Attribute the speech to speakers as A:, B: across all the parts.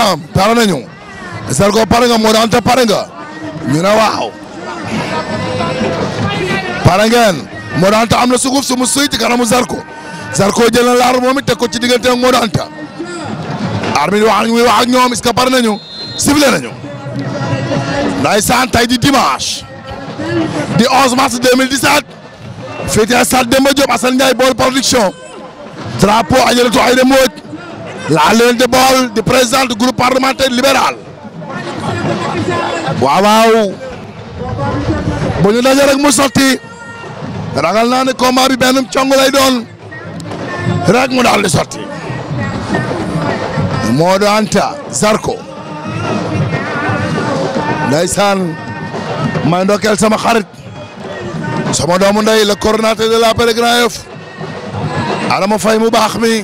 A: temps am pare nañu Zarko pare nga moo daan te pare nga ñu ne waaw pare ngeen moo daan am na suguf su mu suy ci kanamu Zarko Zarko jël na laar moom it teg ko ci diggante ak moo daan ta arbitre wax muy wax ak ñoom est-ce que pare nañu sifflé nañu ndeysaan tey di dimanche di 11 mars 2017 fii ci stade Demba Diop Assane Ndiaye bool production drapeau ajaratu ay de la leen di bool di président du groupe parlementaire libéral waaw bu ñu daje rek mu sotti ragal naa ne combat bi benn cong lay doon rek mu daal di sotti Modou Anta Zarko ndeysaan may ndokkeel sama xarit sama doomu ndey le coordonnateur de la Grand Yoff Adama Faye mu baax mi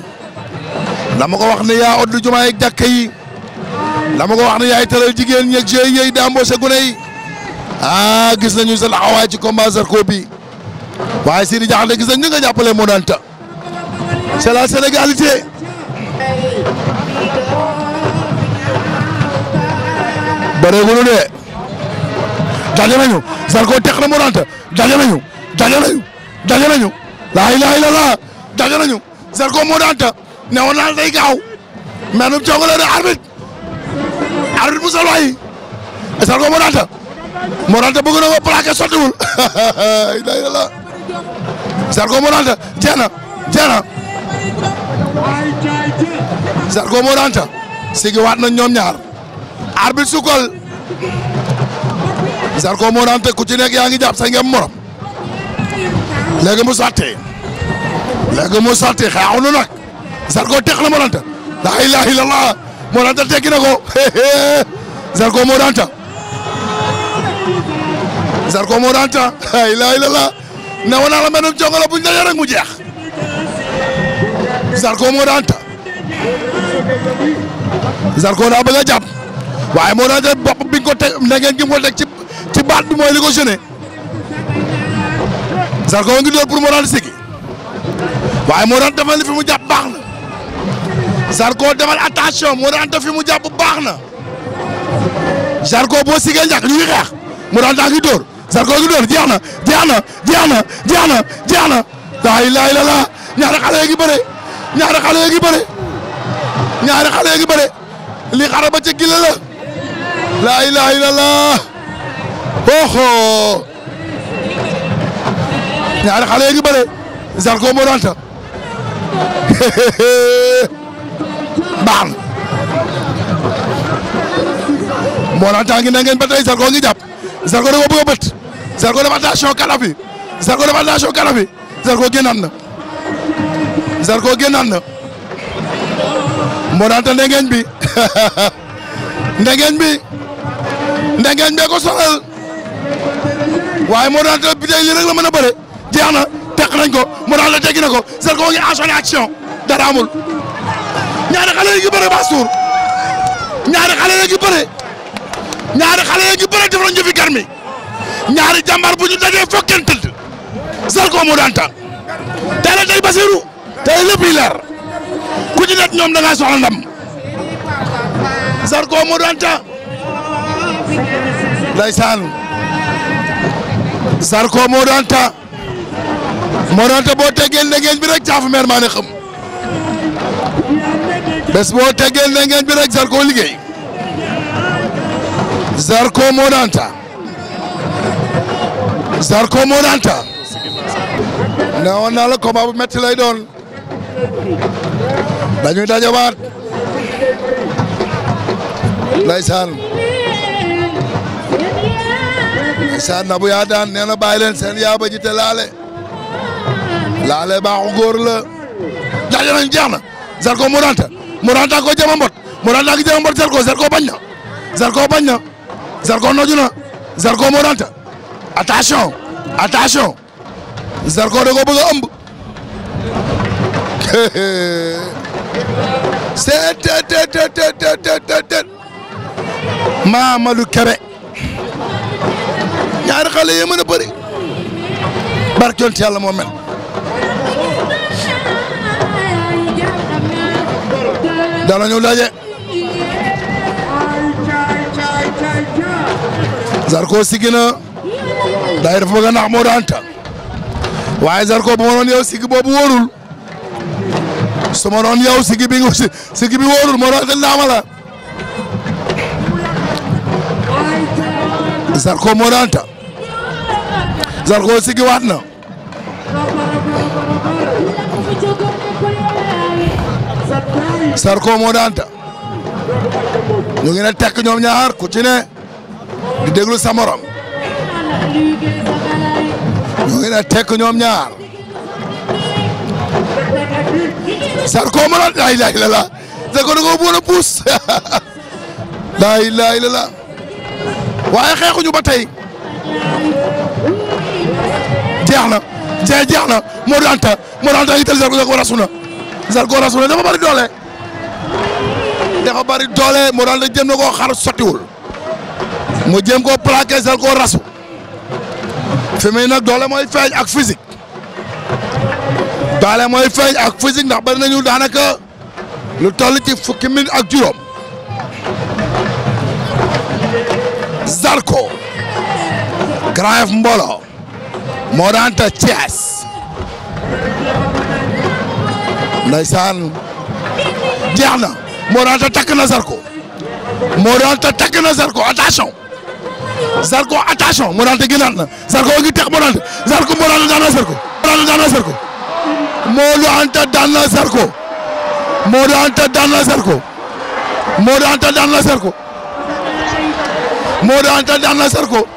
A: dama ko wax ne yaa oddu jumaa yeeg jàkka yi dama ko wax ne yaay tëral jigéen ñeeg jeunes yooyu di embauché gune ah, gis nañu sa taxawaay ci combat Zarko bi waaye Sidi Diakhaté gis nañ ñu nga moo daan ta la sénégalité bareegulu de daje nañu Zarko teq na moo daan ta nañu daje nañu daje nañu Zarko moo daan ne woon naa day gaaw mais nu mu coog a arbitre arbitre bu sol waay esal ko Morante Morante bëgg na ko plaqué sottiwul ilaha illallah Zarko Morante jeex na jeex na Zarko sigi waat nañ ñoom ñaar arbitre sukol Zarko Morante ku ci yaa ngi jàpp sa ngem morom léegi mu sottee léegi mu sottee xaaxu nu nag Zarko teq na Moranta la ilaha illallah Moranta tekki na ko Zarko Moranta Zarko Moranta la ilaha illallah ne woon naa la buñ dajee rek mu jeex Zarko Moranta Zarko daa bëgg a jàpp waaye Moranta bopp bi ko teg ne ngeen gi ko teg ci baat mooy li ko gêné Zarko ngi door pour Moranta sigi waaye Moranta dafa li fi baax Zarko demal attention Modou Anta fi mu jàpp baax na Zarko boo sigee njàkk ñu ngi xeex Modou Anta ngi dóor Zarko ngi dóor jeex na jeex na jeex na jeex na jeex na laa ilaaha illallaah ñaari xale yi ngi bëre ñaari xale yi li xara ba ca gila la laa ilaaha illallaah oho ñaari xale yi Zarko Modou Anta mbaar Mor Anta ngi ne ngeen ba tey jàpp Zarko da ko bëgg a bët Zarko def attention kala bi Zarko bi Zarko génnaat na Zarko génnaat na bi ndengeñ bi ndengeñ bee ko soxal waaye Mor bi tey la mën a bëre jeex na teq nañ ko Mor Anta teggi ko ngi enchaîné action dara amul. ñaari xale yi ngi bëre ñaari xale yi ngi bëre ñaari xale yi ngi bëre def nañu fi ñaari jàmbaar bu ñu dajee foog kenn tëdd Zarko moo daan tànn tey la tey Basirou tey lépp yi ñoom da ngaa soxla ndam Zarko moo daan tànn Zarko moo daan tànn moo boo teggeel ndegeeñ bi rek caafu meer bés boo tegeel ne ngeen bi Zarko liggéey Zarko moo daan taa Zarko moo daan taa ne woon naa la combat bu metti lay doon dañuy dajawaat ndeysaan ndeysaan na bu yaa na bàyyi leen seen yaaba ji te laale laale baaxu góor la daje nañ jeex na Zarko moo daan mu daan tàggoo jéem a mbot mu daan tàgg jéem a mbot Zarko Zarko bañ na Zarko bañ na Zarko noju na Zarko moo daan ta attention attention Zarko da ko bëgg a ëmb seet teet teet teet Mamadou Kébé ñaari xale yi mën a bëri barke yàlla moo mel. danañu daje Zarko siggi na day dafa bëgg a nax Modou Anta waaye Zarko bu ma doon yow siggi boobu wóorul su ma siggi bi siggi bi Anta Zarko siggi waat na Zarko Modou Anta ñu ngi ne tekk ñoom ñaar ku ci ne di déglu sa morom ñu ngi ne tekk ñoom ñaar Zarko Modou Anta laa ilaaha illallaah Zarko da ko boole puus laa ilaaha illallaah waaye xeexuñu ba tey jeex na jeex jeex na Modou Anta Modou Anta a ngi tël Zarko Zarko rasuna Zarko rasuna dafa bari doole dafa bari doole moo daan da jëm na koo xar sottiwul mu jëm koo plaqué sel koo rasu fi doole mooy feeñ ak physique doole mooy feeñ ak physique ndax bari nañu daanaka lu toll ci fukki minute ak juróom Zarko Grand Yoff Mbolo moo daan te Thiès ndeysaan jeex na Modou Anta takk na Zarko Modou Anta takk na Zarko attention Zarko attention Modou Anta gënaat na Zarko a ngi teg Modou Anta Zarko Modou Anta daan na Zarko Modou Anta daan na Zarko Modou Anta daan na Zarko Modou Anta daan na Zarko Modou Anta daan na Zarko Modou Anta daan na Zarko